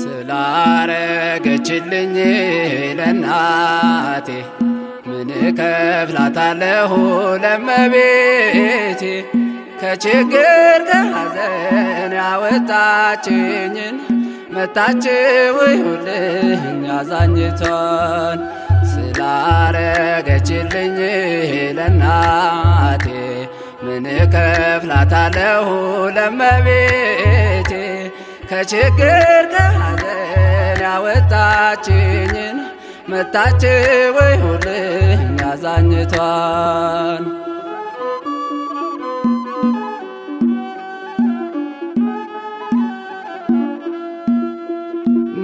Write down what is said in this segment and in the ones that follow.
ስላረገችልኝ ለናቴ ምን ከፍላታለሁ ለመቤቴ ከችግር ከሐዘን ያወጣችኝን መታችው ይሁልኝ አዛኝቷን ስላረገችልኝ ለናቴ ምን ከፍላታለሁ ለመቤቴ ከችግር ከሐዘን ያወጣችኝን መታችው ይሁልኝ አዛኝቷን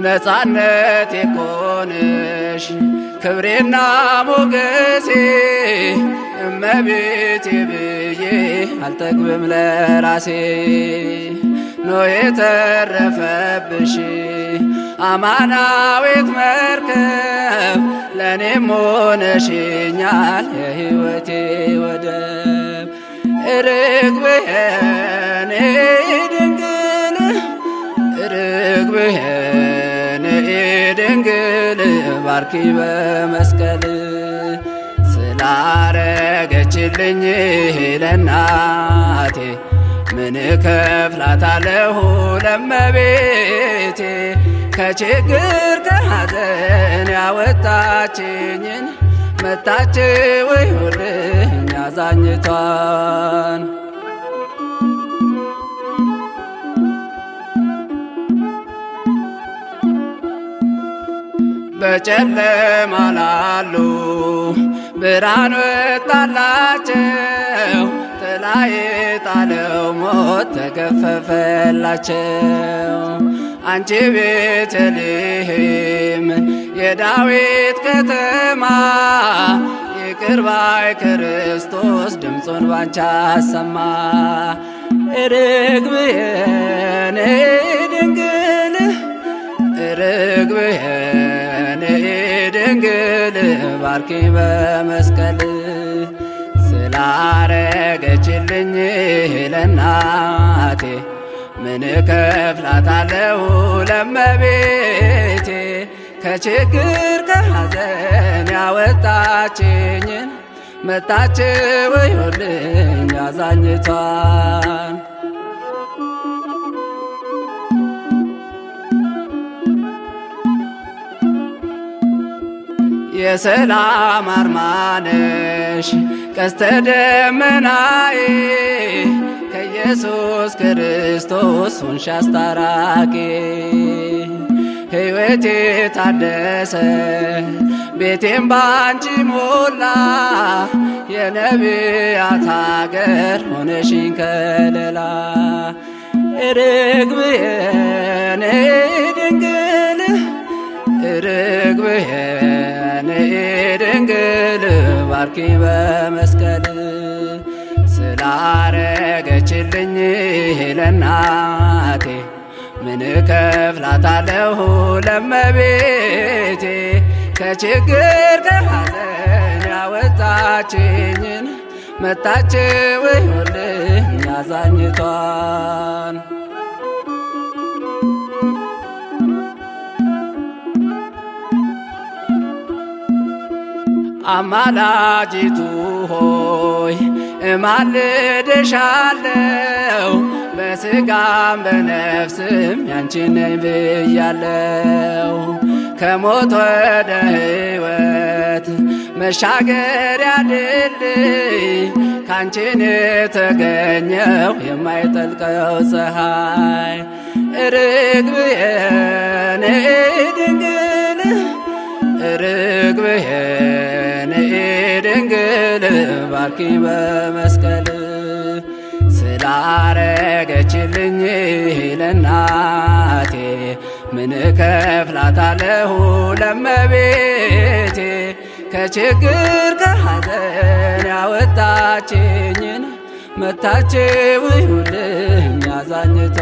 ነፃነት የኮንሽ ክብሬና ሞገሴ እመቤቴ ብዬ አልጠግብም ለራሴ ኖ የተረፈብሽ አማናዊት መርከብ ለእኔም ሆነሽኛል የሕይወቴ ወደብ ርግብህኔ ድንግል ርግብህ ድንግል ባርኪ በመስቀል ስላረገችልኝ ለናቴ ምን ከፍላታለሁ ለመቤቴ ከችግር ከሐዘን ያወጣችኝን መታች ወዮልኝ አዛኝቷን በጨለማ ላሉ ብርሃን ወጣላቸው። ጥላ የጣለው ሞት ተገፈፈላቸው። አንቺ ቤተልሔም የዳዊት ከተማ ይቅር ባይ ክርስቶስ ድምፁን ባንቻ ሰማ ርግብየን ድንግል ርግብየን ድንግል ባርኪ በመስቀል ስላረገችልኝ ለናቴ ምን ከፍላታለው ለመቤቴ ከችግር ከሐዘን ያወጣችኝን መታች ወዮልኝ አዛኝቷን የሰላም አርማነሽ ቀስተ ደመናይ ከኢየሱስ ክርስቶስ ሆንሽ አስታራቂ ሕይወቴ ታደሰ ቤቴም ባንቺ ሞላ የነቢያት አገር ሆነሽኝ ከለላ ርግብየኔ ድንግል ርግብየ ድንግል ባርኪ በመስቀል ስላረገችልኝ ሄለናቴ ምን ከፍላታለሁ ለመቤቴ ከችግር ከሐዘን ያወጣችኝን መታች ይሁልኝ አዛኝቷ አማላጅቱ ሆይ እማልድሻለው በስጋም በነፍስም ያንቺን ብያለው ከሞት ወደ ሕይወት መሻገሪያ ድልድይ ካንቺን የተገኘው የማይጠልቀው ፀሐይ ርግብየን ድንግል ርግብየ ድንግል ባርኪ በመስቀል ስላረገችልኝ ለናቴ ምን ከፍላታለሁ ለመቤቴ ከችግር ከሐዘን ያወጣችኝን መታች ውዩልኝ አዛኝቷ